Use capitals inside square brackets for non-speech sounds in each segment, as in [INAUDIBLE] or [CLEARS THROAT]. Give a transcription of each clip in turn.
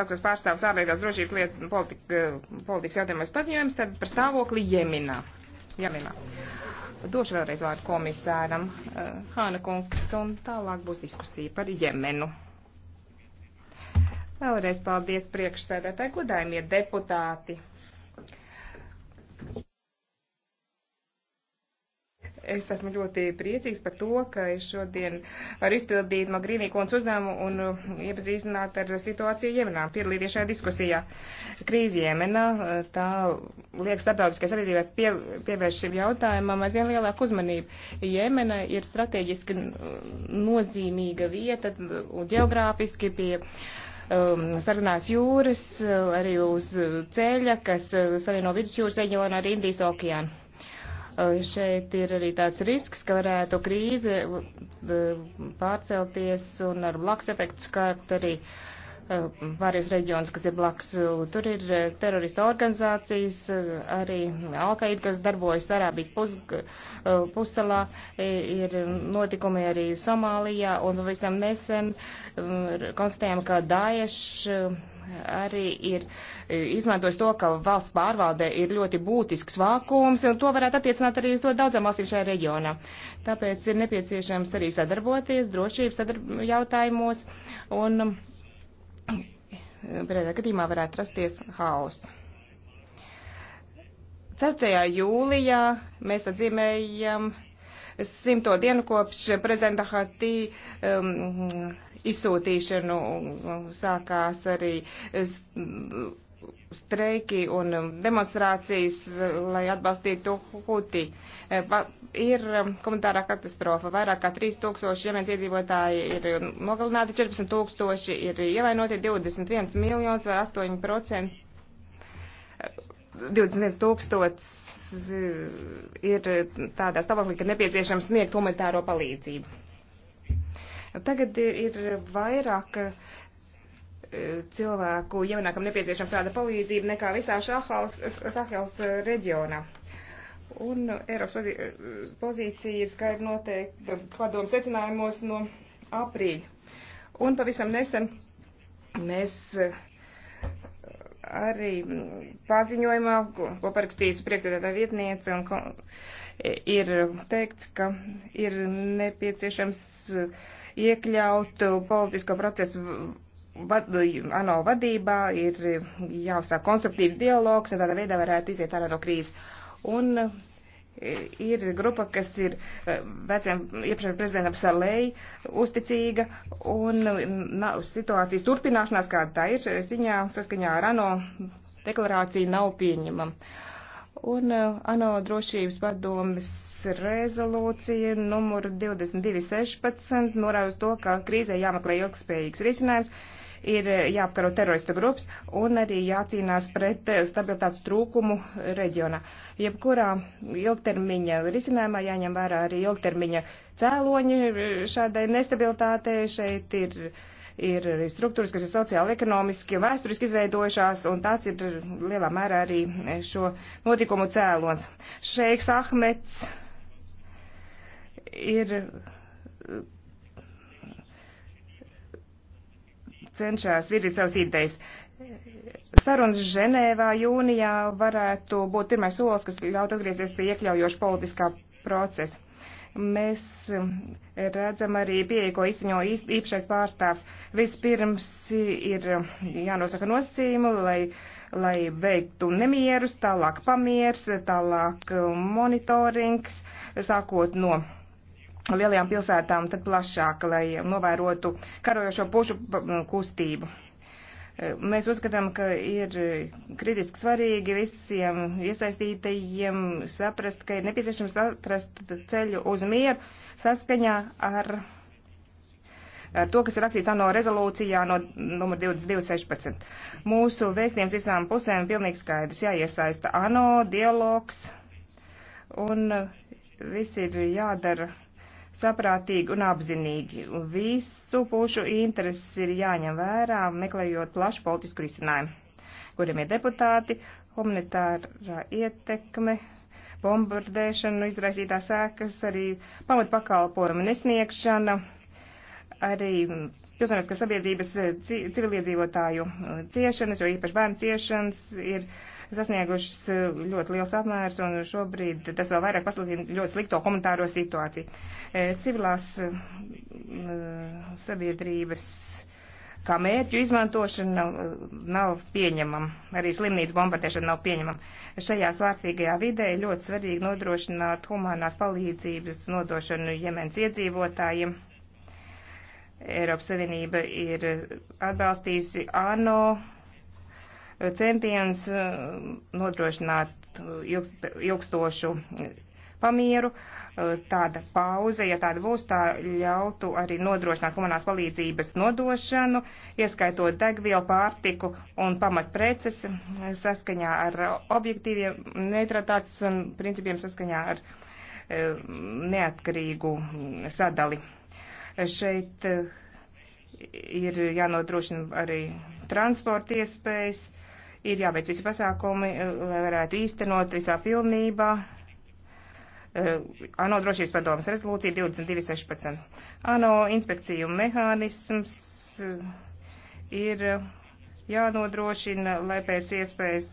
Tautas pārstāvs ārlietās drošības lietu politika, politikas jautājumais paziņojums tad par stāvokli Jeminā. Jeminā. Došu vēlreiz vārdu komisāram eh, Hāna kungs un tālāk būs diskusija par Jemenu. Vēlreiz paldies priekšsēdētāji, godājumie deputāti. Es esmu ļoti priecīgs par to, ka es šodien varu izpildīt Magrīnī kundas uzdevumu un uh, iepazīstināt ar situāciju Jemenā, piedalīties šajā diskusijā. Krīze Jemenā, uh, tā liek starptautiskai sabiedrībai pie, pievērst šim jautājumam aizvien lielāku uzmanību. Jemena ir strateģiski uh, nozīmīga vieta un ģeogrāfiski pie um, sarunās jūras, arī uz ceļa, kas savieno vidusjūras reģionu ar Indijas okeānu Eh, šeit ir arī tāds risks, ka varētu krīze eh, pārcelties un ar blakus efektu skārt arī pārējais eh, reģions, kas ir blakus. Tur ir terorista organizācijas, arī Alkaid, kas darbojas Arābijas pus, pussalā, ir notikumi arī Somālijā, un pavisam nesen konstatējām, ka Daesh arī ir e, izmantojis to, ka valsts pārvalde ir ļoti būtisks vākums, un to varētu attiecināt arī uz to daudzām valstīm šajā reģionā. Tāpēc ir nepieciešams arī sadarboties drošības sadarb jautājumos, un e, pretējā gadījumā varētu rasties haoss. 4. jūlijā mēs atzīmējam simto dienu kopš prezidenta Hatī um, izsūtīšanu sākās arī streiki un um, demonstrācijas, lai atbalstītu Huti. E, ir um, komentārā katastrofa. Vairāk kā 3000 jemens iedzīvotāji ir nogalināti, 14 tūkstoši ir ievainoti, 21 miljonus vai 8%. 21 e, tūkstots ir tādā stāvoklī, ka nepieciešams sniegt humanitāro palīdzību. Tagad ir vairāk e, cilvēku Jemenākam nepieciešama šāda palīdzība nekā visā Sahels e, reģionā. Un Eiropas e, pozīcija ir skaidri noteikti padomu secinājumos no aprīļa. Un pavisam nesen mēs uh, arī mm, paziņojumā, ko parakstījis priekšsēdētā vietniece, un, e, ir teikts, ka ir nepieciešams e, iekļaut politisko procesu vad, ANO vadībā, ir jāuzsāk konstruktīvs dialogs, un tādā veidā varētu iziet ārā no krīzes. Un ir grupa, kas ir eh, veciem iepriekšējiem prezidentam Salēji uzticīga, un na, situācijas turpināšanās, kāda tā ir, ziņā, saskaņā ar ANO deklarāciju nav pieņemama. Un eh, ANO drošības padomes rezolūcija numur 2216 norāda uz to, ka krīzē jāmeklē ilgspējīgs risinājums ir jāapkaro teroristu grupas un arī jācīnās pret stabilitātes trūkumu reģionā. Jebkurā ilgtermiņa risinājumā jāņem vērā arī ilgtermiņa cēloņi šādai nestabilitātei. Šeit ir ir struktūras, kas ir sociāli, ekonomiski, vēsturiski izveidojušās, un tās ir lielā mērā arī šo notikumu cēlons. Šeiks Ahmets ir cenšas virzīt savas idejas. Sarunas Ženēvā jūnijā varētu būt pirmais solis, kas ļaut atgriezties pie iekļaujoša politiskā procesa. Mēs mm, redzam arī pieeja, ko izziņo īpašais pārstāvs. Vispirms ir jānosaka nosacījumi, lai, lai veiktu nemierus, tālāk pamiers, tālāk monitorings, sākot no lielajām pilsētām tad plašāk, lai novērotu karojošo pušu kustību. E, mēs uzskatām, ka ir kritiski svarīgi visiem iesaistītajiem saprast, ka ir nepieciešams atrast ceļu uz mieru saskaņā ar, ar to, kas ir rakstīts ANO rezolūcijā no numur 2216. Mūsu vēstījums visām pusēm pilnīgi skaidrs jāiesaista ANO, dialogs un viss ir jādara saprātīgi un apzinīgi. Visu pušu intereses ir jāņem vērā, meklējot plašu politisku risinājumu, kuriem ir deputāti, humanitārā ietekme, bombardēšanu, izraisītās sēkas, arī pamatpakalpojumu nesniegšana, arī Pilsoniskās sabiedrības eh, civiliedzīvotāju eh, ciešanas, jo īpaši bērnu ciešanas ir sasniegušas eh, ļoti liels apmērs, un šobrīd tas vēl vairāk pasliktina ļoti slikto komentāro situāciju. Civilās sabiedrības kā mērķu izmantošana nav, nav pieņemama, arī slimnīcu bombardēšana nav pieņemama. Šajā svārtīgajā vidē ļoti svarīgi nodrošināt humanās palīdzības nodošanu Jemens iedzīvotājiem Eiropas Savienība ir atbalstījusi ANO centienus uh, nodrošināt uh, ilgstošu pamieru. Uh, tāda pauze, ja tāda būs, tā ļautu arī nodrošināt humanās palīdzības nodošanu, ieskaitot degvielu, pārtiku un pamatpreces saskaņā ar objektīviem neutralitātes un principiem saskaņā ar neatkarīgu mm, sadali. Šeit eh, ir jānodrošina arī transporta iespējas, ir jāveic visi pasākumi, eh, lai varētu īstenot visā pilnībā. Eh, ANO drošības padomas rezolūcija 2216. ANO inspekciju mehānisms ir jānodrošina, lai pēc iespējas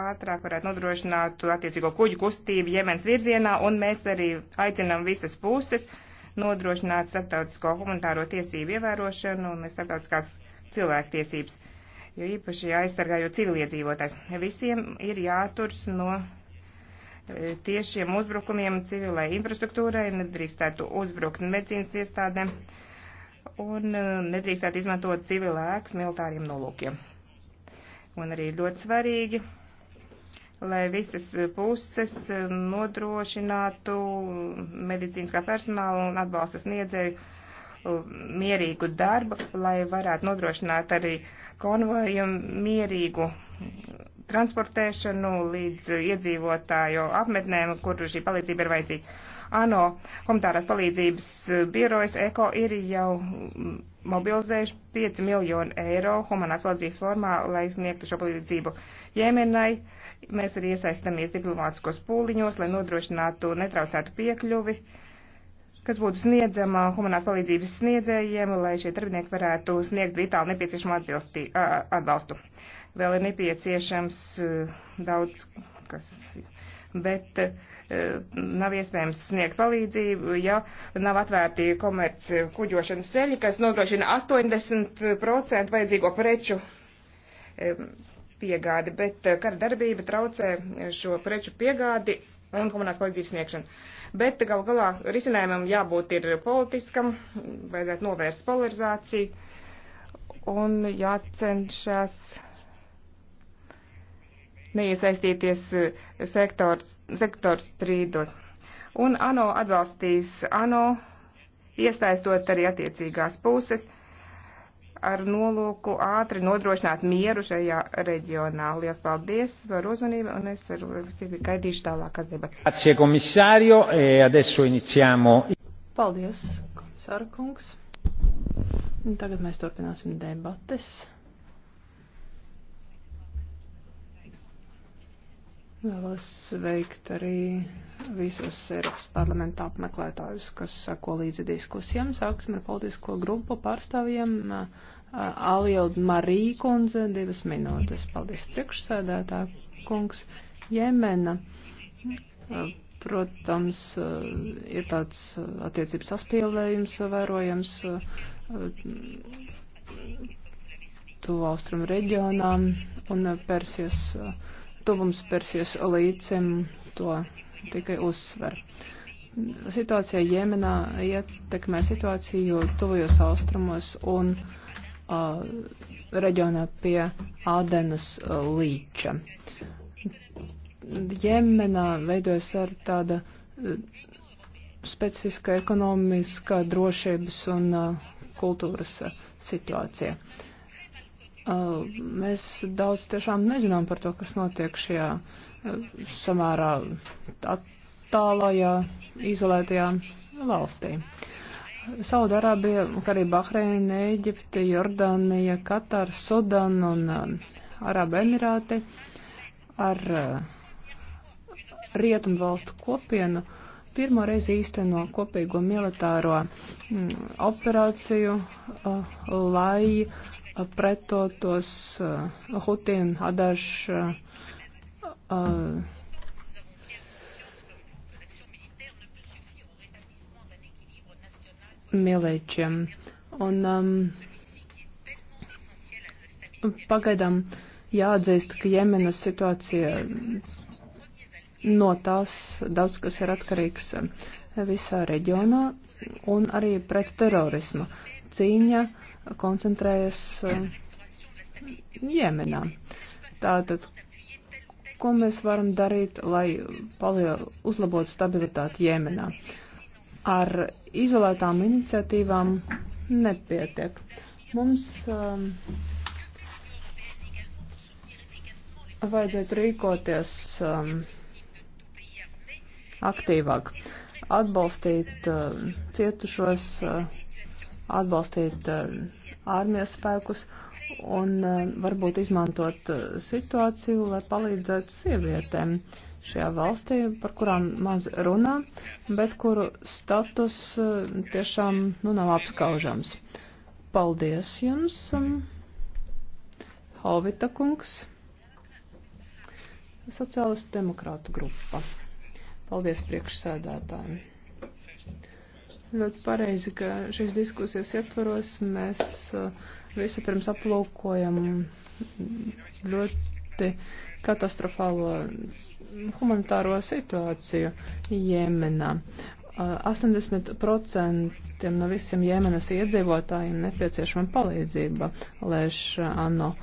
ātrāk varētu nodrošināt attiecīgo kuģu kustību Jemens virzienā, un mēs arī aicinām visas puses uh, nodrošināt starptautisko humanitāro tiesību ievērošanu un starptautiskās cilvēktiesības, jo īpaši aizsargājot civiliedzīvotājs. Visiem ir jāturs no e, tiešiem uzbrukumiem civilai infrastruktūrai, nedrīkstētu uzbrukt medicīnas iestādēm un e, nedrīkstētu izmantot civilēks militāriem nolūkiem. Un arī ļoti svarīgi lai visas puses nodrošinātu medicīniskā personāla un atbalsta sniedzēju um, mierīgu darbu, lai varētu nodrošināt arī konvoju mierīgu transportēšanu līdz iedzīvotāju apmetnēm, kur šī palīdzība ir vajadzīga. ANO humanitārās palīdzības birojas ECO ir jau mobilizējuši 5 miljonu eiro humanās palīdzības formā, lai sniegtu šo palīdzību Jemenai. Mēs arī iesaistamies diplomātiskos pūliņos, lai nodrošinātu netraucētu piekļuvi, kas būtu sniedzama humanās palīdzības sniedzējiem, lai šie darbinieki varētu sniegt vitāli nepieciešamu atbalstu. Vēl ir nepieciešams daudz, kas bet e, nav iespējams sniegt palīdzību, ja nav atvērti komerc kuģošanas ceļi, kas nodrošina 80% vajadzīgo preču e, piegādi, bet eh, kara darbība traucē šo preču piegādi un humanās palīdzības sniegšanu. Bet gal galā risinājumam jābūt ir politiskam, vajadzētu novērst polarizāciju un jācenšas neiesaistīties eh, sektor, sektor strīdos. Un ANO atbalstīs ANO, iesaistot arī attiecīgās puses ar nolūku ātri nodrošināt mieru šajā reģionā. Lielas paldies par uzmanību un es ar cīvi gaidīšu tālākas debatas. Grazie, komisārio. E adesso iniciamo. Paldies, komisāra kungs. Tagad mēs turpināsim debates. Vēlos sveikt arī visus Eiropas parlamenta apmeklētājus, kas sako līdzi diskusijām. Sāksim ar politisko grupu pārstāvjiem. Alield Marija kundze, divas minūtes. Paldies priekšsēdētā kungs. Jemena, protams, ir tāds attiecības saspīlējums vērojams tuvu austrumu reģionām un Persijas tuvums Persijas līcim to tikai uzsver. Situācija Jemenā ietekmē situāciju tuvajos austrumos un uh, reģionā pie Ādenas uh, līča. Jemenā veidojas ar tāda uh, specifiska ekonomiskā drošības un uh, kultūras uh, situācija. Uh, Mēs daudz tiešām nezinām par to, kas notiek šajā samērā tālajā, izolētajā valstī. Saudārābija, kā arī Bahreina, Eģipte, Jordānija, Katara, Sudana un Arābu Emirāti ar rietumu valstu kopienu pirmo reizi īsteno kopīgo militāro operāciju, lai pretotos eh, Hutin, Hadaš, eh, eh, Milēčiem. Un um, pagaidām jāatzīst, ka Jemenas situācija no tās daudz kas ir atkarīgs visā reģionā un arī pret terorismu. Cīņa uh, koncentrējas um, Jemenā. Tātad, ko mēs varam darīt, lai uzlabotu stabilitāti Jemenā? Ar izolētām iniciatīvām nepietiek. Mums um, vajadzētu rīkoties um, aktīvāk, atbalstīt uh, cietušos. Uh, atbalstīt ārmijas eh, spēkus un eh, varbūt izmantot eh, situāciju, lai palīdzētu sievietēm šajā valstī, par kurām maz runā, bet kuru status tiešām nu, nav apskaužams. Paldies jums, Hauvita kungs, sociālistu demokrātu grupa. Paldies priekšsēdētājiem. Ļoti pareizi, ka šīs diskusijas ietvaros mēs uh, visu pirms aplūkojam ļoti katastrofālo humanitāro situāciju Jemenā. 80% uh, no visiem Jemenas iedzīvotājiem nepieciešama palīdzība, lai šā uh, ano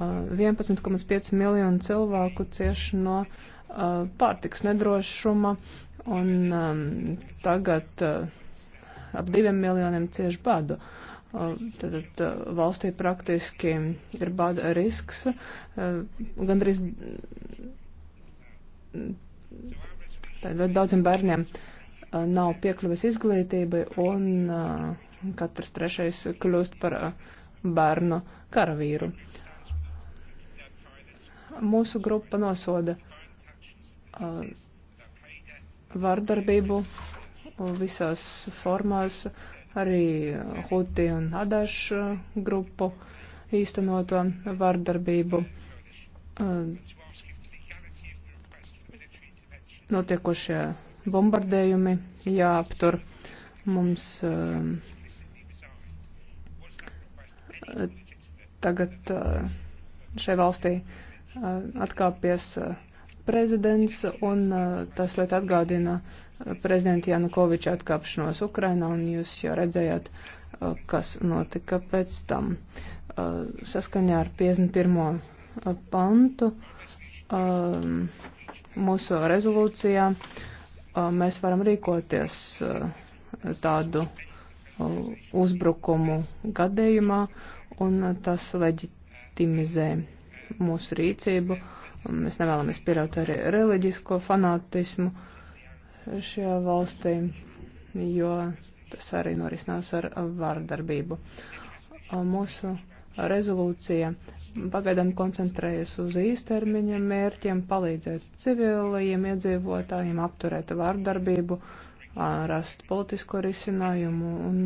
11,5 miljonu cilvēku cieši no pārtiks nedrošuma un um, tagad ap diviem miljoniem cieši badu. Tad, tad uh, valstī praktiski ir bada risks, uh, gandrīz ļoti daudziem bērniem uh, nav piekļuves izglītībai un katrs trešais kļūst par bērnu karavīru. Mūsu grupa nosoda vardarbību visās formās, arī Huti un Adašu uh, grupu īstenoto vardarbību. Uh, notiekošie bombardējumi jāaptur. Mums uh, tagad šai valstī atkāpies prezidents, un uh, tas liet atgādina uh, prezidenta Janukoviča atkāpšanos Ukrainā, un jūs jau redzējāt, uh, kas notika pēc tam. Saskaņā ar 51. pantu um, mūsu rezolūcijā mēs varam rīkoties tādu uzbrukumu gadījumā, un tas leģitimizē mūsu rīcību. Uh, un mēs nevēlamies pieļaut arī reliģisko fanātismu šajā valstī, jo tas arī norisinās ar vārdarbību. Mūsu rezolūcija pagaidām koncentrējas uz īstermiņa mērķiem, palīdzēt civilajiem iedzīvotājiem apturēt vārdarbību, rast politisko risinājumu un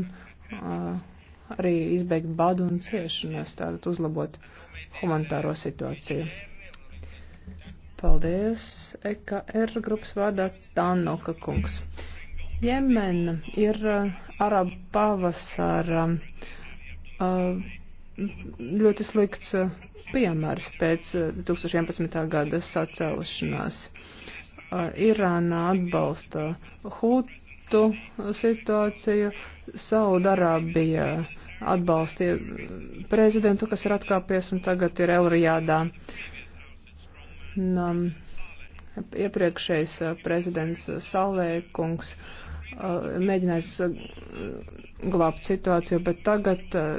arī izbeigt badu un ciešanas, tātad uzlabot humanitāro situāciju. Paldies, EKR er grupas vada Tanoka kungs. Jemena ir uh, arabu pavasara uh, ļoti slikts uh, piemērs pēc 2011. gada sacēlušanās. Irāna atbalsta Hutu situāciju, Saudarābija atbalstīja prezidentu, kas ir atkāpies un tagad ir Elrijādā. Uh, Un, um, iepriekšējais uh, prezidents Salvēkungs uh, mēģinājis uh, glābt situāciju, bet tagad uh,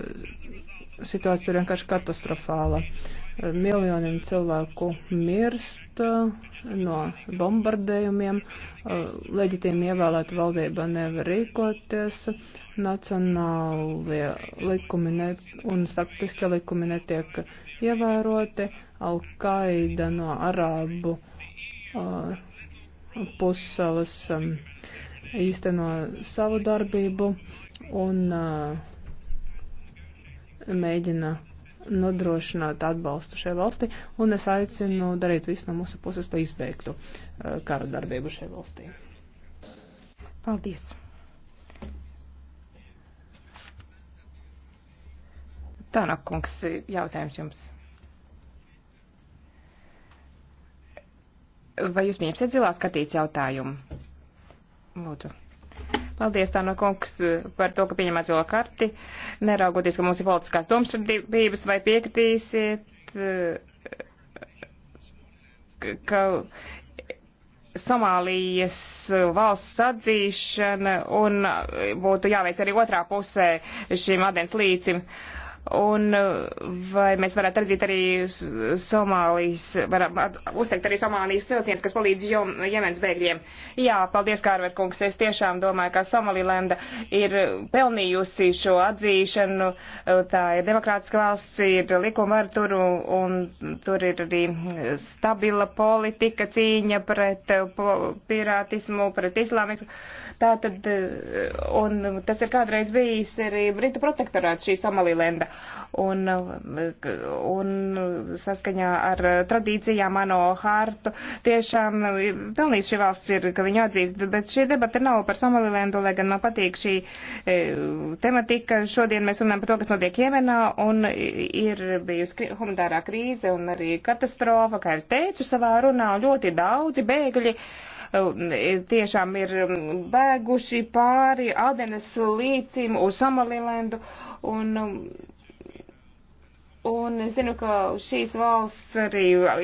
situācija ir vienkārši katastrofāla. Uh, miljoniem cilvēku mirst no bombardējumiem, leģitīmi ievēlēta valdība nevar rīkoties, nacionālie likumi ne, un starptautiskie likumi netiek ievēroti, Alkaida no Arābu uh, pussalas um, īsteno savu darbību un uh, mēģina nodrošināt atbalstu šai valstī, un es aicinu darīt visu no mūsu puses, lai izbeigtu uh, kara darbību šai valstī. Paldies! Tānak, kungs, jautājums jums. Vai jūs pieņemsiet zilā skatīts jautājumu? Lūdzu. Paldies, Tāna kungs, par to, ka pieņemāt zilo karti. Neraugoties, ka mums ir politiskās domstarpības, vai piekritīsiet, eh, ka Somālijas valsts atzīšana un eh, būtu jāveic arī otrā pusē šim adens līcim. Uh, Un eh, vai mēs varētu redzēt arī Somālijas, varam uzteikt arī Somālijas vilciens, kas palīdz Jemens bēgļiem? Jā, paldies, Kārver kungs. Es tiešām domāju, ka Somalilenda ir pelnījusi šo atzīšanu. Eh, tā ir demokrātiska valsts, ir likumvaru tur, un tur ir arī stabila politika cīņa pret eh, pirātismu, pret islāmismu. Tā tad, un tas ir kādreiz bijis arī Britu protektorāts šī Somalilenda un, un saskaņā ar tradīcijām ANO hartu tiešām pilnīgi šī valsts ir, ka viņu atzīst, bet šī debata nav par Somalilendu, lai gan man patīk šī e, tematika. Šodien mēs runājam par to, kas notiek Jemenā, un ir bijusi humanitārā krīze un arī katastrofa, kā es teicu savā runā, ļoti daudzi bēgļi e, tiešām ir bēguši pāri Adenes līcim uz Somalilendu. Un, Un es zinu, ka šīs valsts arī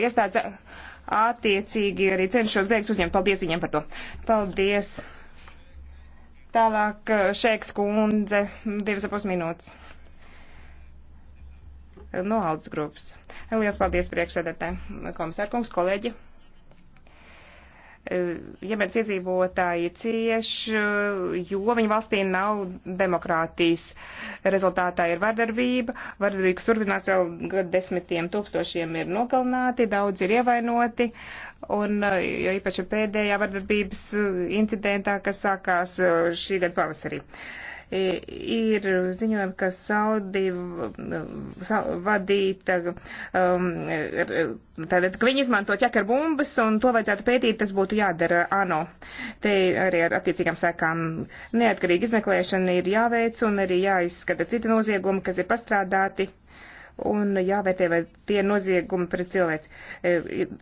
iestādes attiecīgi arī cenšos beigas uzņemt. Paldies viņiem par to. Paldies. Tālāk eh, Šēks kundze, divas ap minūtes. No Aldas grupas. Lielas paldies priekšsēdētājiem, komisārkungs, kolēģi. Eh, Jemenas iedzīvotāji cieš, eh, jo viņa valstī nav demokrātijas. Rezultātā ir vardarbība, vardarbības turpinās jau gadu desmitiem tūkstošiem ir nokalnāti, daudz ir ievainoti, un eh, jo īpaši pēdējā vardarbības incidentā, kas sākās šī gada pavasarī. Uh, ir ziņojumi, ka Saudi vadīta, um, tātad, ka viņi izmanto ķekarbumbas un to vajadzētu pētīt, tas būtu jādara ANO. Te arī ar attiecīgām sekām neatkarīgi izmeklēšana ir jāveic un arī jāizskata citi noziegumi, kas ir pastrādāti un jāvērtē, vai tie noziegumi pret cilvēks. E,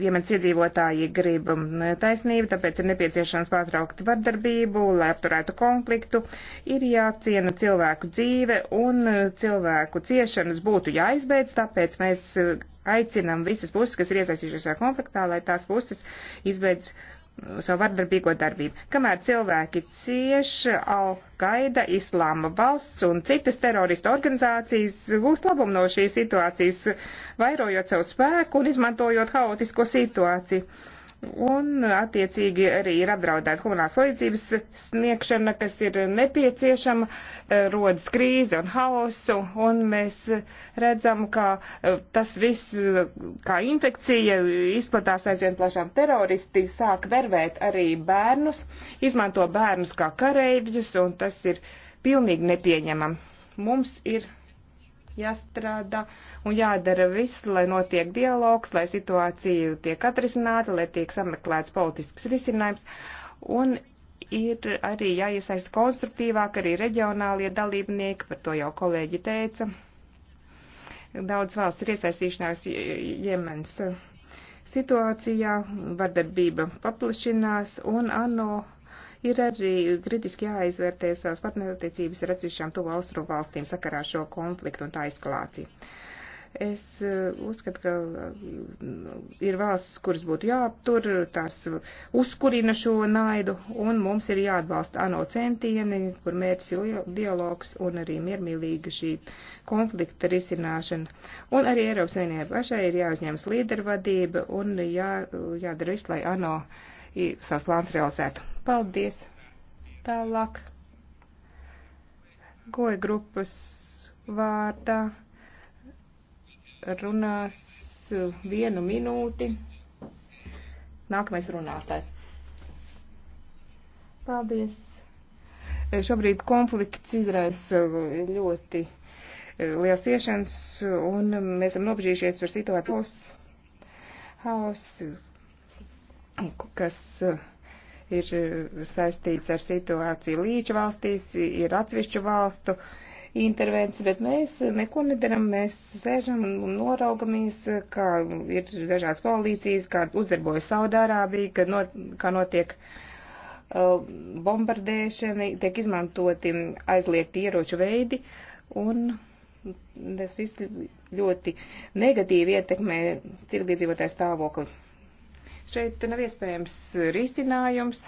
Jemens iedzīvotāji grib um, taisnību, tāpēc ir nepieciešams pārtraukt vardarbību, lai apturētu konfliktu. Ir jāciena cilvēku dzīve un cilvēku ciešanas būtu jāizbeidz, tāpēc mēs e, aicinam visas puses, kas ir iesaistījušās šajā konfliktā, lai tās puses izbeidz savu vardarbīgo darbību. Kamēr cilvēki cieš, Al-Qaida, Islāma valsts un citas teroristu organizācijas gūst labumu no šīs situācijas, vairojot savu spēku un izmantojot haotisko situāciju un attiecīgi arī ir apdraudēta humanās palīdzības sniegšana, kas ir nepieciešama, e, rodas krīze un hausu, un mēs redzam, ka e, tas viss e, kā infekcija izplatās aizvien plašām teroristi, sāk vervēt arī bērnus, izmanto bērnus kā kareivģus, un tas ir pilnīgi nepieņemam. Mums ir jāstrādā. Ja un jādara viss, lai notiek dialogs, lai situācija tiek atrisināta, lai tiek sameklēts politisks risinājums, un ir arī jāiesaista konstruktīvāk arī reģionālie dalībnieki, par to jau kolēģi teica. Daudz valsts ir iesaistīšanās Jemens situācijā, vardarbība paplašinās, un ANO ir arī kritiski jāizvērtē savas partnerattiecības ar atsevišķām tuvu austrumu valstīm sakarā šo konfliktu un tā eskalāciju. Es eh, uzskatu, ka eh, ir valstis, kuras būtu jāaptur, tās uzkurina šo naidu, un mums ir jāatbalsta ANO centieni, kur mērķis ir dialogs un arī miermīlīga šī konflikta risināšana. Un arī Eiropas Savienībai pašai ir jāuzņemas līdervadība un jā, jādara viss, lai ANO savus plāns realizētu. Paldies! Tālāk. Goja grupas vārdā runās uh, vienu minūti. Nākamais runātājs. Paldies. Eh, šobrīd konflikts izraisa eh, ļoti eh, liels ciešanas, un um, mēs esam nobežījušies par situāciju haos, kas ir saistīts ar situāciju līča valstīs, ir atsevišķu valstu intervences, bet mēs neko nedaram, mēs sēžam un noraugamies, kā ir dažādas koalīcijas, kā uzdarbojas Saudārābija, kad not, kā notiek uh, bombardēšana, tiek izmantoti aizliegti ieroču veidi, un tas viss ļoti negatīvi ietekmē cilvēdzīvotāju stāvokli. Šeit nav iespējams risinājums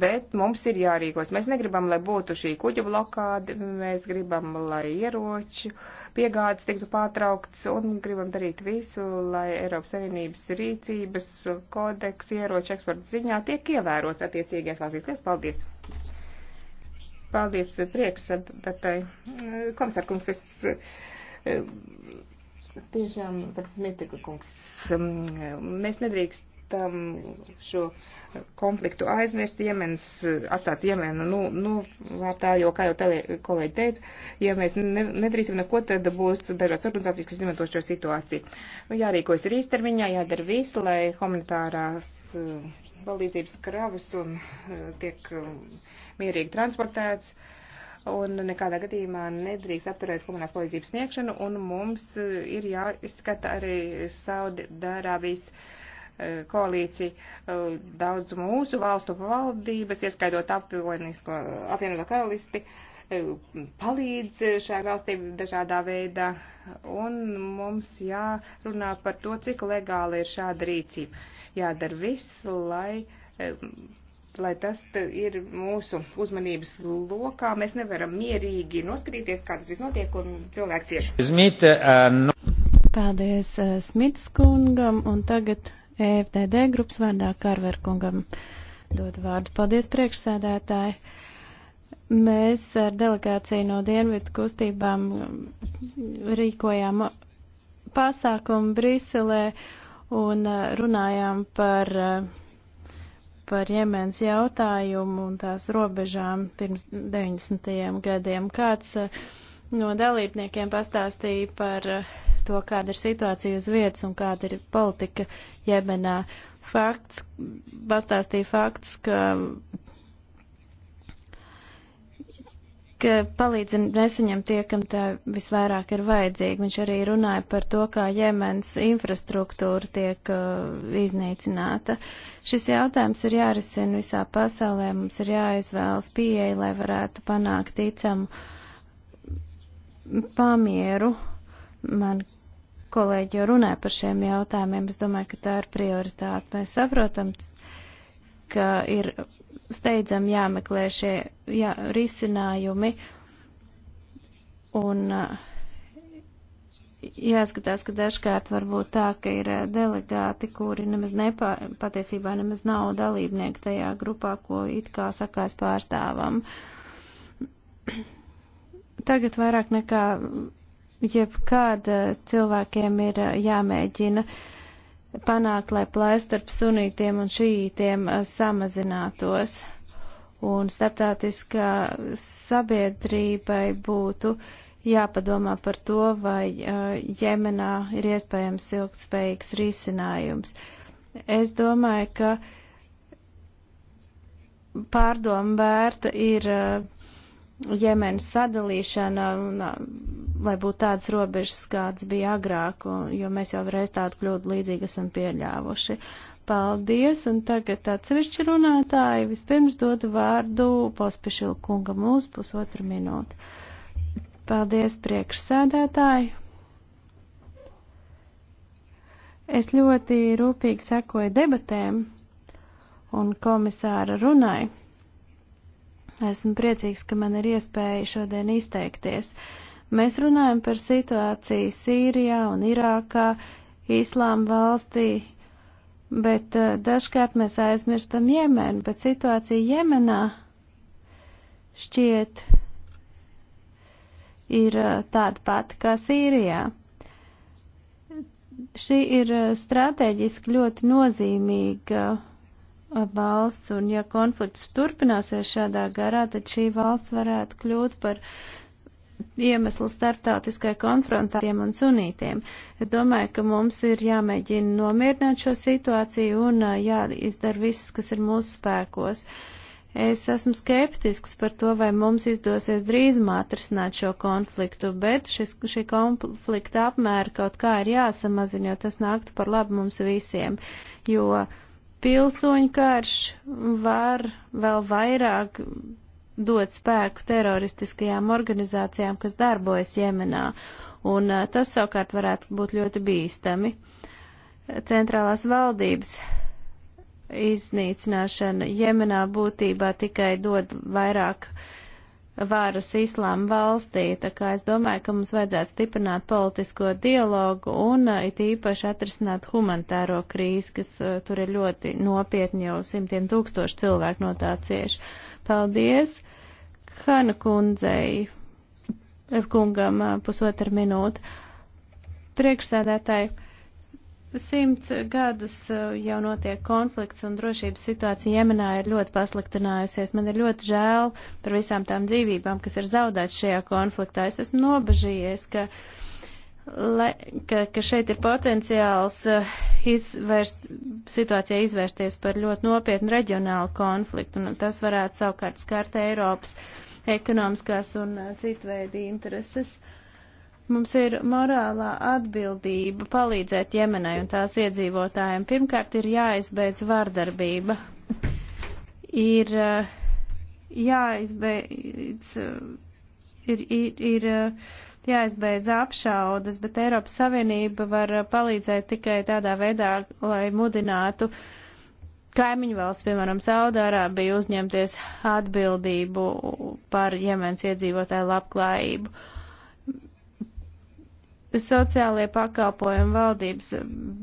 bet mums ir jārīkos. Mēs negribam, lai būtu šī kuģa blokāde, mēs gribam, lai ieroču piegādes tiktu pārtraukts un gribam darīt visu, lai Eiropas Savienības rīcības kodeks ieroču eksporta ziņā tiek ievērots attiecīgais valstīties. Paldies! Paldies priekšsēdētāji. Komisārkungs, es eh, tiešām, saka, Smitika kungs, mm, mēs nedrīkst tam šo konfliktu aizmirst, Jemens, atstāt Jemenu nu, nu, vārtā, jo, kā jau tele, kolēģi teica, ja mēs ne, nedarīsim neko, tad būs dažās organizācijas, kas izmanto šo situāciju. Nu, jārīkojas ir īstermiņā, jādara visu, lai humanitārās valdības eh, kravas un eh, tiek eh, mierīgi transportēts. Un nekādā gadījumā nedrīkst apturēt humanās palīdzības sniegšanu, un mums ir jāizskata arī Saudi Dārābijas uh, E, koalīciju. E, daudz mūsu valstu valdības, ieskaidot apvienoto karalisti, e, palīdz šai valstī dažādā veidā, un mums jārunā par to, cik legāli ir šāda rīcība. Jādara viss, lai, lai tas ir mūsu uzmanības lokā. Mēs nevaram mierīgi noskrīties, kā tas viss notiek, un cilvēks cieši. Uh, Paldies uh, Smits kungam, un tagad EFTD grupas vārdā Karverkungam dod vārdu. Paldies, priekšsēdētāji! Mēs ar delegāciju no Dienvidu kustībām rīkojām pasākumu Briselē un e, runājām par, e, par Jemens jautājumu un tās robežām pirms 90. gadiem. Kāds e, no dalībniekiem pastāstīja par to, kāda ir situācija uz vietas un kāda ir politika Jemenā. Fakts, pastāstīja faktus, ka ka palīdzi nesaņem tie, kam tā visvairāk ir vajadzīga. Viņš arī runāja par to, kā Jemens infrastruktūra tiek uh, iznīcināta. Šis jautājums ir jārisina visā pasaulē, mums ir jāizvēlas pieeja, lai varētu panākt ticamu pamieru. Man kolēģi jau runāja par šiem jautājumiem, es domāju, ka tā ir prioritāte. Mēs saprotam, ka ir steidzam jāmeklē šie jā, risinājumi un jāskatās, ka dažkārt var būt tā, ka ir delegāti, kuri nemaz nepā, patiesībā nemaz nav dalībnieki tajā grupā, ko it kā sakās pārstāvam. [CLEARS THROAT] Tagad vairāk nekā jebkad eh, cilvēkiem ir eh, jāmēģina panākt, lai plēs starp sunītiem un šītiem eh, samazinātos. Un starptautiskā sabiedrībai būtu jāpadomā par to, vai Jemenā ir iespējams ilgtspējīgs risinājums. Es domāju, ka pārdomu vērta ir Jemenas sadalīšana un lai būtu tādas robežas, kādas bija agrāk, jo mēs jau reiz tādu kļūdu līdzīgi esam pieļāvuši. Paldies, un tagad atsevišķi runātāji vispirms dodu vārdu pospišilu kungam uz pusotru minūti. Paldies, priekšsēdētāji! Es ļoti rūpīgi sekoju debatēm un komisāra runai. Esmu priecīgs, ka man ir iespēja šodien izteikties. Uh, Mēs runājam par situāciju Sīrijā un Irākā, Īslām valstī, bet eh, dažkārt mēs aizmirstam Jemenu, bet situācija Jemenā šķiet ir eh, tāda pati kā Sīrijā. Šī ir eh, strateģiski ļoti nozīmīga valsts, un ja konflikts turpināsies šādā garā, tad šī valsts varētu kļūt par iemesls starptautiskai konfrontācijām un sunītiem. Es domāju, ka mums ir jāmēģina nomierināt šo situāciju un jāizdara viss, kas ir mūsu spēkos. Es esmu skeptisks par to, vai mums izdosies drīzumā atrisināt šo konfliktu, bet šis, šī konflikta apmēra kaut kā ir jāsamazina, jo tas nāktu par labu mums visiem, jo pilsoņu karš var vēl vairāk dot spēku teroristiskajām organizācijām, kas darbojas Jemenā, un tas savukārt varētu būt ļoti bīstami. Centrālās valdības iznīcināšana Jemenā būtībā tikai dod vairāk varas islāma valstī, tā kā es domāju, ka mums vajadzētu stiprināt politisko dialogu un it īpaši atrisināt humanitāro krīzi, kas tur ir ļoti nopietni jau simtiem tūkstoši cilvēku no tā cieši. Uh, Paldies, Hana kundzei, kungam pusotra minūte. Priekšsēdētāji, simts gadus jau notiek konflikts un drošības situācija Jemenā ir ļoti pasliktinājusies. Man ir ļoti žēl par visām tām dzīvībām, kas ir zaudētas šajā konfliktā. Es esmu nobažījies, ka. Uh, le, ka, ka šeit ir potenciāls eh, izvērst, situācijai izvērsties par ļoti nopietnu reģionālu konfliktu, un tas varētu savukārt skart Eiropas ekonomiskās un eh, citu veidu intereses. Mums ir morālā atbildība palīdzēt Jemenai un tās iedzīvotājiem. Pirmkārt, ir jāizbeidz vardarbība. Ir eh, jāizbeidz, ir, ir, ir jāizbeidz apšaudas, bet Eiropas Savienība var palīdzēt tikai tādā veidā, lai mudinātu kaimiņu valsts, piemēram, Saudārābiju, uzņemties atbildību par Jemens iedzīvotāju labklājību. Sociālie pakalpojumi, valdības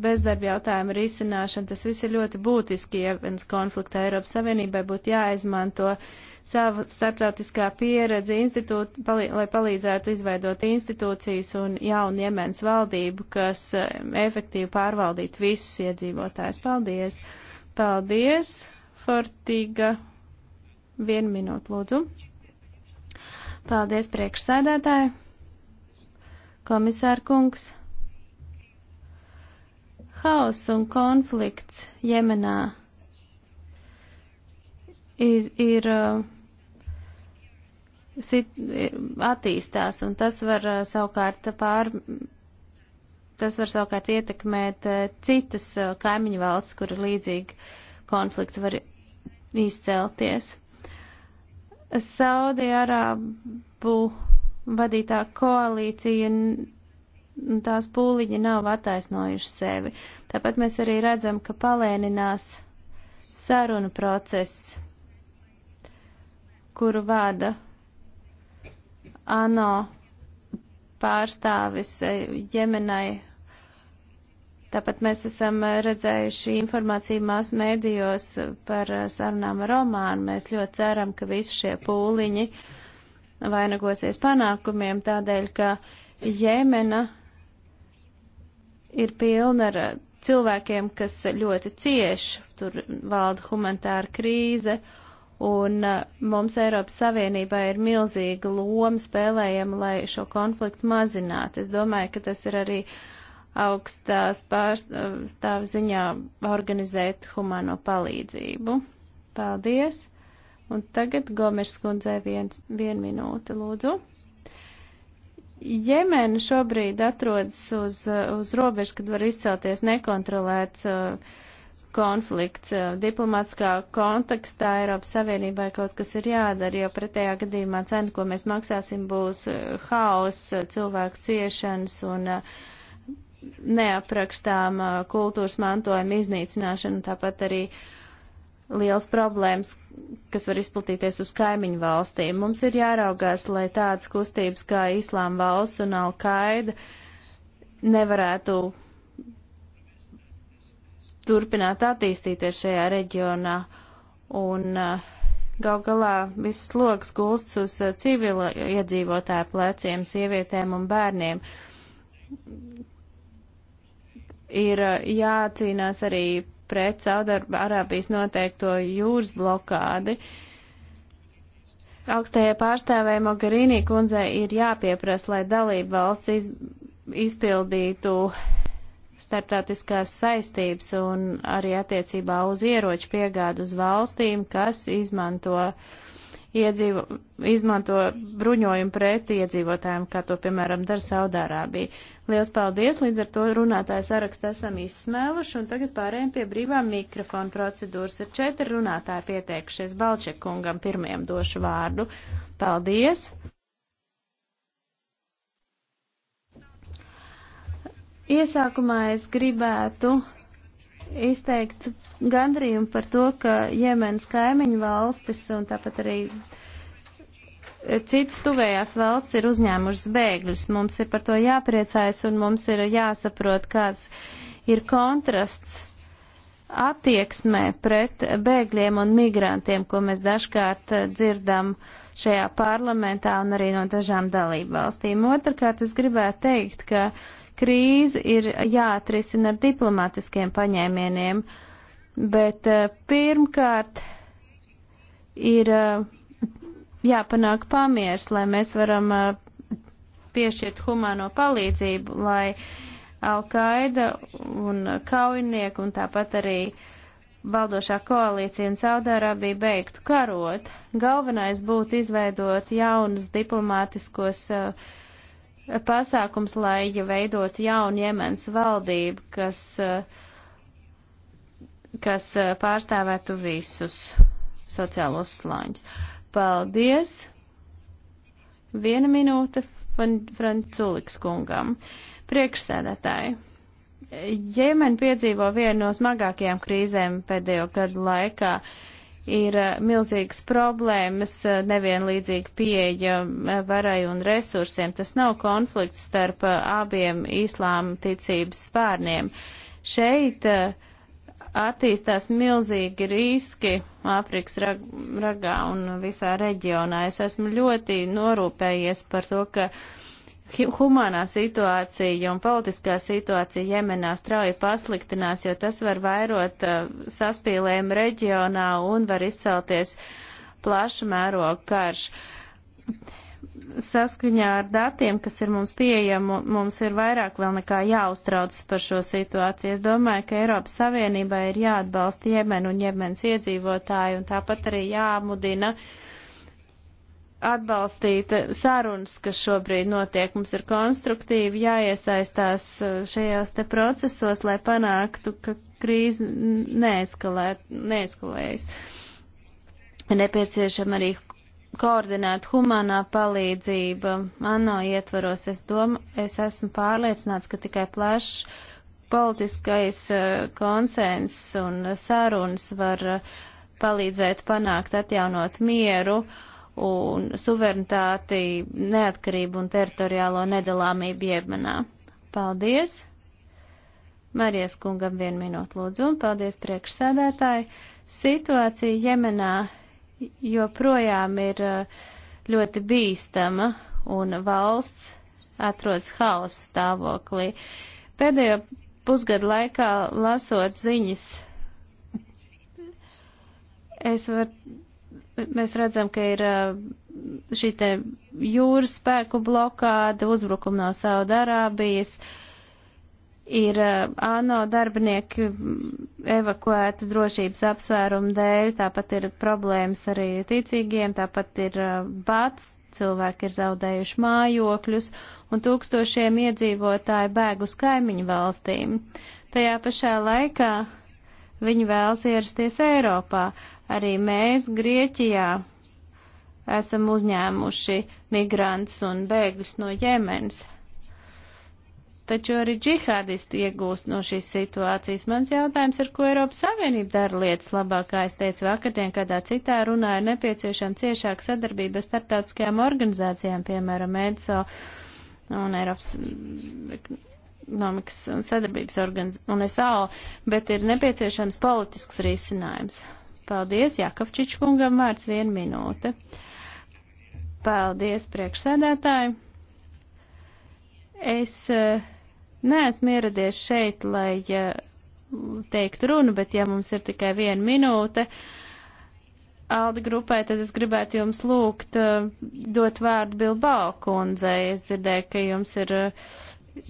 bezdarba jautājuma risināšana, tas viss ir ļoti būtiski, ja viens konflikta Eiropas Savienībai būtu jāizmanto savu starptautiskā pieredze, palī, lai palīdzētu izveidot institūcijas un jaunu Jemens valdību, kas efektīvi pārvaldītu visus iedzīvotājus. Paldies! Paldies, Fortīga! Vienu minūtu, lūdzu. Paldies, priekšsēdētāji! komisārkungs. Haoss un konflikts Jemenā iz, ir uh, sit, attīstās, un tas var uh, savukārt pār, tas var savukārt ietekmēt uh, citas kaimiņu valsts, kur līdzīgi konflikti var izcelties. Saudi Arābu vadītā koalīcija un tās pūliņi nav attaisnojuši sevi. Tāpat mēs arī redzam, ka palēninās sarunu process, kuru vada ANO pārstāvis ģemenai. E, Tāpat mēs esam redzējuši informāciju mās mēdījos par sarunām ar Romānu. Mēs ļoti ceram, ka visi šie pūliņi uh, vainagosies panākumiem, tādēļ, ka Jemena ir pilna ar cilvēkiem, kas ļoti cieši, tur valda humanitāra krīze, un uh, mums Eiropas Savienībā ir milzīga loma spēlējama, lai šo konfliktu mazinātu. Es domāju, ka tas ir arī augstās pārstāvziņā uh, organizēt humano palīdzību. Paldies! Un tagad Gomers kundzei viens, vien minūte, lūdzu. Jemena šobrīd atrodas uz, uz robežas, kad var izcelties nekontrolēts uh, konflikts. Uh, diplomātiskā kontekstā Eiropas Savienībai kaut kas ir jādara, jo pretējā gadījumā cena, ko mēs maksāsim, būs uh, haoss, uh, cilvēku ciešanas un uh, neaprakstāma uh, kultūras mantojuma iznīcināšana, tāpat arī uh, liels problēmas, kas var izplatīties uz kaimiņu valstīm. Mums ir jāraugās, lai tādas kustības kā Islāma valsts un Al-Qaida nevarētu turpināt attīstīties šajā reģionā. Un uh, gal galā viss sloks gulsts uz uh, civila iedzīvotāju pleciem, sievietēm un bērniem. Ir uh, jācīnās arī pret Saudarābijas noteikto jūras blokādi. Augstajai pārstāvēji Mogherini kundzei ir jāpieprasa, lai dalība valsts iz, izpildītu starptautiskās saistības un arī attiecībā uz ieroču piegādu uz valstīm, kas izmanto uh, iedzīvo, izmanto bruņojumu pret iedzīvotājiem, kā to, piemēram, dara Saudārābija. Liels paldies, līdz ar to runātāju sarakstu esam izsmēluši, un tagad pārējiem pie brīvā mikrofona procedūras. Ir četri runātāji pieteikušies Balčekungam, pirmajam došu vārdu. Paldies! Iesākumā es gribētu izteikt gandrījumu par to, ka Jemenas kaimiņu valstis un tāpat arī citas tuvējās valsts ir uzņēmušas bēgļus. Mums ir par to jāpriecājas un mums ir jāsaprot, kāds ir kontrasts attieksmē pret bēgļiem un migrantiem, ko mēs dažkārt dzirdam šajā parlamentā un arī no dažām dalību valstīm. Otrakārt, es gribētu teikt, ka uh, krīze ir jāatrisina ar diplomātiskiem paņēmieniem, bet eh, pirmkārt ir eh, jāpanāk pamiers, lai mēs varam eh, piešķirt humāno palīdzību, lai Al-Qaida un kaujinieki un tāpat arī valdošā koalīcija un Saudārābija beigtu karot. Galvenais būtu izveidot jaunus diplomātiskos uh, pasākums, lai veidot jaunu Jemens valdību, kas, kas pārstāvētu visus sociālos slāņus. Paldies! Viena minūte Franculiks kungam. Priekšsēdētāji. Jemen piedzīvo vienu no smagākajām krīzēm pēdējo gadu laikā. Uh, ir eh, milzīgas problēmas, eh, nevienlīdzīga pieeja eh, varai un resursiem. Tas nav konflikts starp abiem islāma ticības spārniem. Šeit attīstās milzīgi riski Āfrikas rag ragā un visā reģionā. Es esmu ļoti norūpējies par to, ka uh, humānā situācija un politiskā situācija Jemenā strauji pasliktinās, jo tas var vairot uh, saspīlējumu reģionā un var izcelties plaša mēroga karš. Saskaņā ar datiem, kas ir mums pieejami, mums ir vairāk vēl nekā jāuztraucas par šo situāciju. Es domāju, ka Eiropas Savienībai ir jāatbalsta Jemen un Jemens iedzīvotāji un tāpat arī jāmudina uh, atbalstīt sarunas, kas šobrīd notiek. Mums ir konstruktīvi jāiesaistās uh, šajās te procesos, lai panāktu, ka krīze neeskalē, neeskalējas. Ir nepieciešama arī koordinēta humanā palīdzība. ANO ietvaros es domu, es esmu pārliecināts, ka tikai plašs politiskais uh, konsens un sarunas var uh, palīdzēt panākt atjaunot mieru. Uh, un suverenitāti, neatkarību un teritoriālo nedalāmību Jemenā. Paldies! Marijas kungam vienu minūtu lūdzu un paldies priekšsēdētāji. Situācija Jemenā joprojām ir eh, ļoti bīstama un valsts atrodas haosa stāvoklī. Pēdējo pusgadu laikā lasot ziņas, es varu mēs redzam, ka ir uh, šī te jūras spēku blokāda, uzbrukuma no Saudarābijas, ir uh, ANO darbinieki evakuēti drošības apsvērumu dēļ, tāpat ir problēmas arī ticīgiem, tāpat ir uh, bats, cilvēki ir zaudējuši mājokļus un tūkstošiem iedzīvotāji bēg uz kaimiņu valstīm. Tajā pašā laikā Viņi vēlas ierasties Eiropā. Arī mēs Grieķijā esam uzņēmuši migrants un bēgļus no Jemenas. Taču arī džihādisti iegūst no šīs situācijas. Mans jautājums ir, ko Eiropas Savienība dara lietas labāk, kā es teicu vakardien, kādā citā runā ir nepieciešama ciešāka sadarbība starptautiskajām organizācijām, piemēram, EDSO un Eiropas ekonomikas un sadarbības organiz un SAO, bet ir nepieciešams politisks risinājums. Paldies, Jakovčič kungam vārds viena minūte. Paldies, priekšsēdētāji. Es e, neesmu ieradies šeit, lai e, teiktu runu, bet ja mums ir tikai viena minūte, Alda grupai, tad es gribētu jums lūgt e, dot vārdu Bilbao kundzei. Es dzirdēju, ka jums ir uh,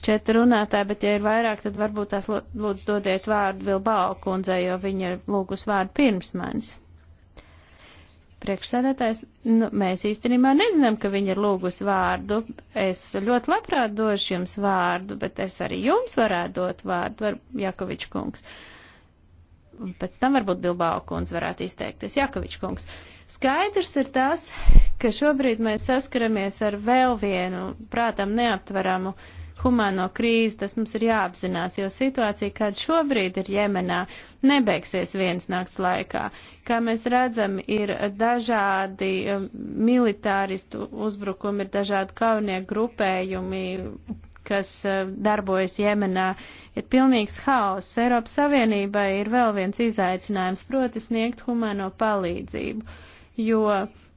četri runātāji, bet ja ir vairāk, tad varbūt tās lūdzu dodiet vārdu Vilbao kundzei, jo viņa ir lūgus vārdu pirms manis. Priekšsēdētājs, nu, mēs īstenībā nezinām, ka viņa ir lūgus vārdu. Es ļoti labprāt došu jums vārdu, bet es arī jums varētu dot vārdu, var, Jakovičs kungs. Un pēc tam varbūt Bilbao kundz varētu izteikties. Jakovičs kungs. Skaidrs ir tas, ka šobrīd mēs saskaramies ar vēl vienu, prātam, neaptveramu uh, humāno krīzi, tas mums ir jāapzinās, jo situācija, kāda šobrīd ir Jemenā, nebeigsies viens nakts laikā. Kā mēs redzam, ir dažādi um, militāristu uzbrukumi, ir dažādi kaunieku grupējumi, kas um, darbojas Jemenā, ir pilnīgs haoss. Eiropas Savienībai ir vēl viens izaicinājums, proti sniegt humano palīdzību, jo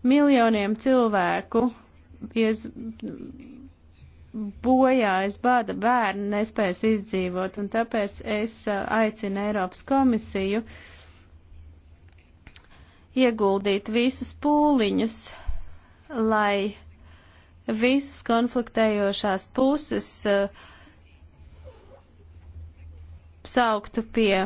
miljoniem cilvēku ies, bojājas bada bērni nespēs izdzīvot, un tāpēc es aicinu Eiropas komisiju ieguldīt visus pūliņus, lai visas konfliktējošās puses sauktu pie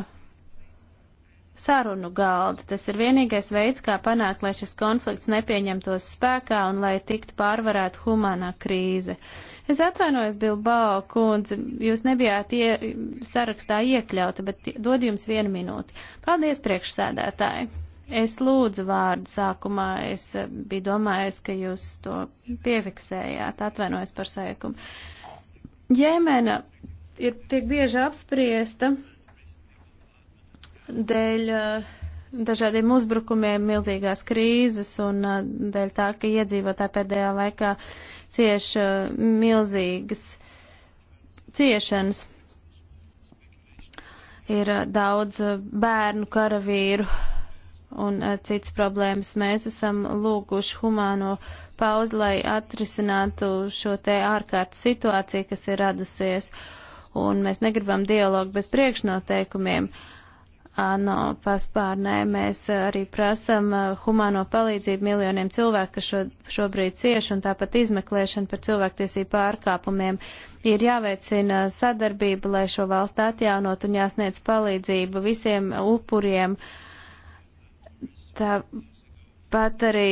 sarunu galda. Tas ir vienīgais veids, kā panākt, lai šis konflikts nepieņemtos spēkā un lai tiktu pārvarēta humanā krīze. Uh, Es atvainojos, Bilbao kundze, jūs nebijāt ie, sarakstā iekļauta, bet dod jums vienu minūti. Paldies, priekšsēdētāji. Es lūdzu vārdu sākumā, es eh, biju domājis, ka jūs to piefiksējāt, atvainojos par sēkumu. Jēmena ir tiek bieži apspriesta dēļ eh, dažādiem uzbrukumiem, milzīgās krīzes un eh, dēļ tā, ka iedzīvotāji pēdējā laikā uh, cieš eh, milzīgas ciešanas. Ir eh, daudz eh, bērnu karavīru un citas problēmas. Mēs esam lūguši humāno pauzi, lai atrisinātu šo te ārkārtas situāciju, kas ir radusies, un mēs negribam dialogu bez priekšnoteikumiem. Uh, ANO paspārnē. Mēs arī prasam eh, humāno palīdzību miljoniem cilvēku, kas šo, šobrīd cieš, un tāpat izmeklēšana par cilvēktiesību pārkāpumiem. Ir jāveicina sadarbība, lai šo valstu atjaunot un jāsniedz palīdzību visiem upuriem. Tā Pat arī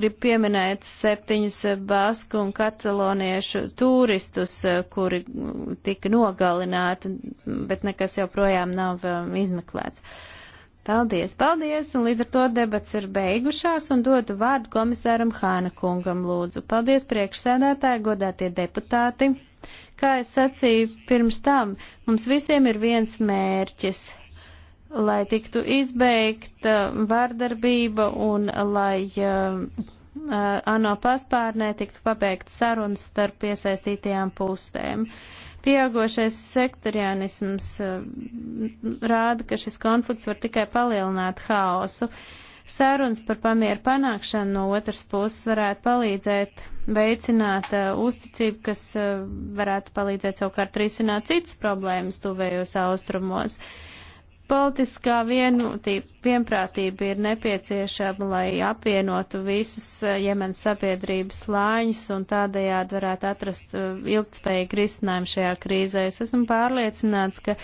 grib pieminēt septiņus basku un kataloniešu turistus, kuri tika nogalināti, bet nekas joprojām nav um, izmeklēts. Paldies, paldies, un līdz ar to debats ir beigušās, un dodu vārdu komisāram Hāna kungam lūdzu. Paldies, priekšsēdētāji, godātie deputāti. Kā es sacīju pirms tam, mums visiem ir viens mērķis lai tiktu izbeigta vardarbība un lai um, uh, ANO paspārnē tiktu pabeigta sarunas starp piesaistītajām pusēm. Pieaugošais sektorianisms uh, rāda, ka šis konflikts var tikai palielināt haosu. Sarunas par pamieru panākšanu no otras puses varētu palīdzēt veicināt uh, uzticību, kas uh, varētu palīdzēt savukārt risināt citas problēmas tuvējos austrumos. Uh, Politiskā vienotība, vienprātība ir nepieciešama, lai apvienotu visus eh, Jemenas sabiedrības lāņus un tādējādi varētu atrast eh, ilgtspējīgu risinājumu šajā krīzē. Es esmu pārliecināts, ka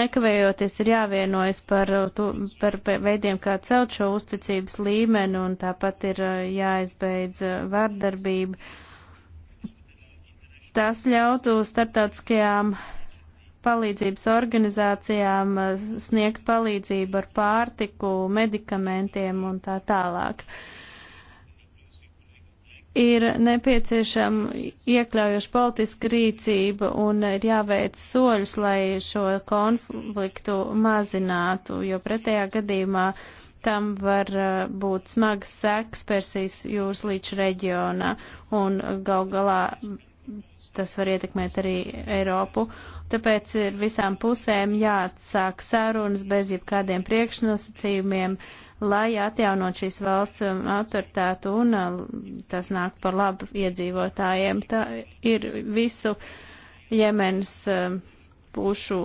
nekavējoties ir jāvienojas par, eh, to, par veidiem, kā celt šo uzticības līmeni un tāpat ir jāizbeidz vardarbība. Tas ļautu starptautiskajām palīdzības organizācijām eh, sniegt palīdzību ar pārtiku, medikamentiem un tā tālāk. Ir nepieciešama iekļaujoša politiska rīcība un ir jāveic soļus, lai šo konfliktu mazinātu, jo pretējā gadījumā tam var eh, būt smagas sekas Persijas jūras līča reģionā un gal galā tas var ietekmēt arī Eiropu. Tāpēc ir visām pusēm jāatsāk sarunas bez jebkādiem priekšnosacījumiem, lai atjaunot šīs valsts um, autoritātu un uh, tas nāk par labu iedzīvotājiem. Tā ir visu Jemenas um, pušu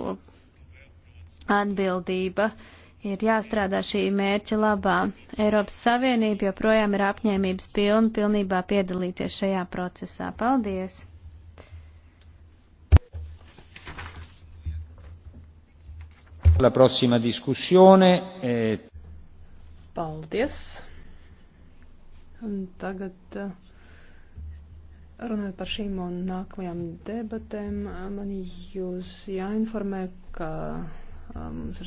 atbildība. Ir jāstrādā šī mērķa labā. Eiropas Savienība joprojām ir apņēmības pilna pilnībā piedalīties šajā procesā. Paldies! La prossima diskusione. Et... Paldies. Un tagad eh, runājot par šīm un nākamajām debatēm, man jūs jāinformē, ka eh, mums ir